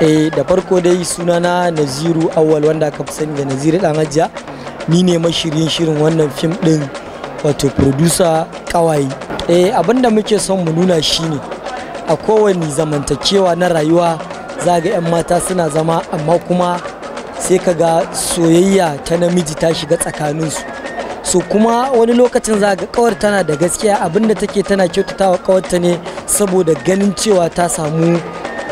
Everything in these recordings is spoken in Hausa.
eh da farko dai sunana naziru awal wanda aka fi sani da naziru dan hajiya ni ne mashirin shirin wannan fim din wato producer kawai eh abinda muke son mu nuna shine a kowane zamantakewa na rayuwa za ga 'yan mata suna zama amma kuma sai ka ga soyayya ta namiji ta shiga tsakaninsu so kuma wani lokacin za ga kawar tana da gaskiya abinda take tana kyautatawa kawarta ne saboda ganin cewa ta samu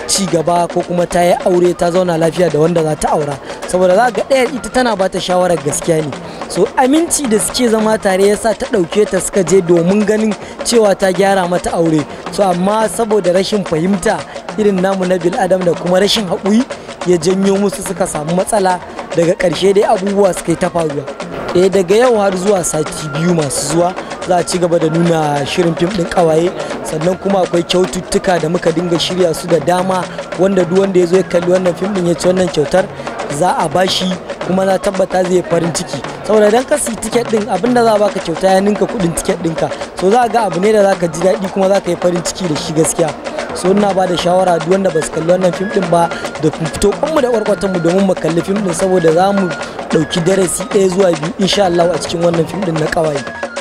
ci gaba ko kuma ta yi aure ta zauna lafiya da wanda za ta aura saboda za ga ɗayar ita tana bata shawarar gaskiya ne so aminci da suke zama tare yasa ta ɗauke ta suka je domin ganin cewa ta gyara mata aure so amma saboda rashin fahimta irin namu na bil'adam da kuma rashin haƙuri ya janyo musu suka samu matsala daga ƙarshe dai abubuwa suka yi ta faruwa eh daga yau har zuwa sati biyu masu zuwa za a ci gaba da nuna shirin fim ɗin ƙawaye sannan kuma akwai kyaututtuka da muka dinga shirya su da dama wanda duk wanda ya zo ya kalli wannan fim din ya ci wannan kyautar za a bashi kuma na tabbata zai yi farin ciki saboda idan ka siya tiket din abinda za a baka kyauta ya ninka kudin tiket dinka so za a ga abu ne da za ka ji daɗi kuma za ka yi farin ciki da shi gaskiya so ina ba da shawara duk wanda ba su kalli wannan fim din ba da ku fito kanmu da kwarkwatan mu domin mu kalli fim din saboda za mu ɗauki darasi ɗaya zuwa biyu insha Allah a cikin wannan fim din na ƙawaye.